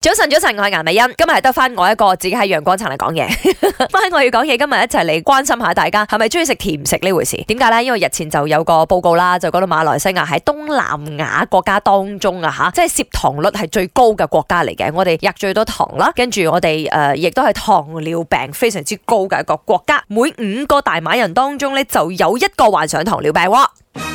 早晨，早晨，我係顏美恩，今日係得翻我一個自己喺陽光層嚟講嘢，翻 我要講嘢，今日一齊嚟關心下大家係咪中意食甜食呢回事？點解呢？因為日前就有個報告啦，就講到馬來西亞喺東南亞國家當中啊吓，即係攝糖率係最高嘅國家嚟嘅，我哋入最多糖啦，跟住我哋誒、呃，亦都係糖尿病非常之高嘅一個國家，每五個大馬人當中呢，就有一個患上糖尿病，啊。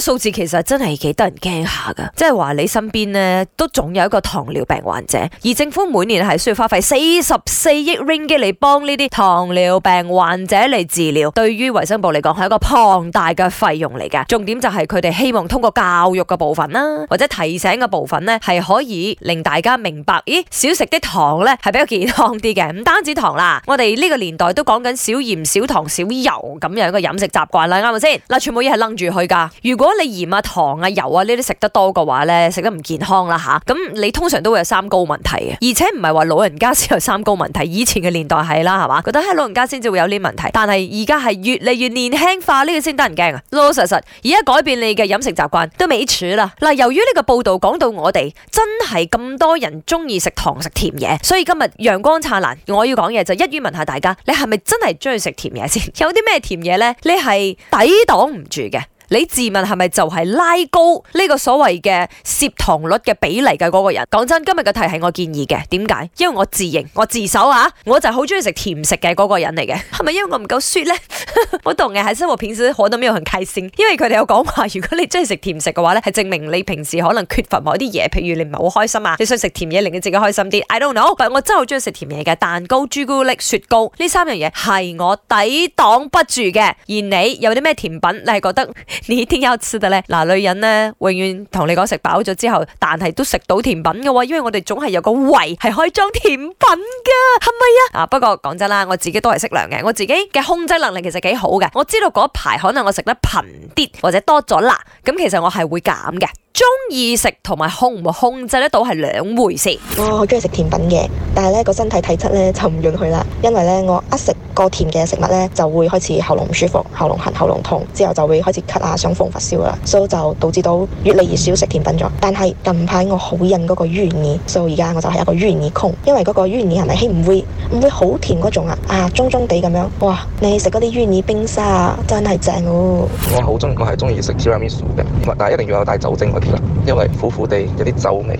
啲數字其實真係幾得人驚下噶，即係話你身邊呢都總有一個糖尿病患者，而政府每年係需要花費四十四億 ringgit 嚟幫呢啲糖尿病患者嚟治療。對於衛生部嚟講，係一個龐大嘅費用嚟嘅。重點就係佢哋希望通過教育嘅部分啦，或者提醒嘅部分呢，係可以令大家明白，咦，少食啲糖呢係比較健康啲嘅。唔單止糖啦，我哋呢個年代都講緊少鹽、少糖、少油咁樣一個飲食習慣啦，啱唔啱先？嗱，全部嘢係楞住去噶，如果如果你鹽啊、糖啊、油啊呢啲食得多嘅話呢，食得唔健康啦吓。咁你通常都會有三高問題嘅，而且唔係話老人家先有三高問題。以前嘅年代係啦，係嘛，覺得係老人家先至會有呢啲問題，但係而家係越嚟越年輕化，呢個先得人驚啊！老老實實，而家改變你嘅飲食習慣都未處啦。嗱，由於呢個報道講到我哋真係咁多人中意食糖食甜嘢，所以今日陽光燦爛，我要講嘢就一於問下大家，你係咪真係中意食 甜嘢先？有啲咩甜嘢呢？你係抵擋唔住嘅？你自問係咪就係拉高呢個所謂嘅攝糖率嘅比例嘅嗰個人？講真，今日嘅題係我建議嘅，點解？因為我自認我自首啊，我就好中意食甜食嘅嗰個人嚟嘅。係咪因為我唔夠酸呢？ 我同嘅喺生活片上都未有人界線？因為佢哋有講話，如果你中意食甜食嘅話呢，係證明你平時可能缺乏某啲嘢，譬如你唔係好開心啊，你想食甜嘢令你自己開心啲。I don't know，但係我真係好中意食甜嘢嘅，蛋糕、朱古力、雪糕呢三樣嘢係我抵擋不住嘅。而你有啲咩甜品，你係覺得？你點有次嘅呢，嗱、呃，女人呢永遠同你講食飽咗之後，但係都食到甜品嘅喎，因為我哋總係有個胃係可以裝甜品㗎，係咪、嗯、啊？啊，不過講真啦，我自己都係適量嘅，我自己嘅控制能力其實幾好嘅，我知道嗰排可能我食得頻啲或者多咗啦，咁其實我係會減嘅。中意食同埋控不控制得到係兩回事。Oh, 我好中意食甜品嘅，但係咧個身體體質咧就唔允許啦，因為咧我一食過甜嘅食物咧就會開始喉嚨唔舒服，喉嚨痕、喉嚨痛，之後就會開始咳啊，傷風發燒啦，所以就導致到越嚟越少食甜品咗。但係近排我好癮嗰個芋泥，所以而家我就係一個芋泥控，因為嗰個芋泥係咪唔會？唔會好甜嗰種啊，啊，中中地咁樣，哇！你食嗰啲芋泥冰沙啊，真係正哦！我好中意，我係中意食 tiramisu 嘅，但一定要有帶酒精嗰啲啦，因為苦苦地有啲酒味，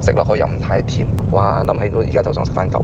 食落去又唔太甜，哇！諗起都依家就想食翻嚿。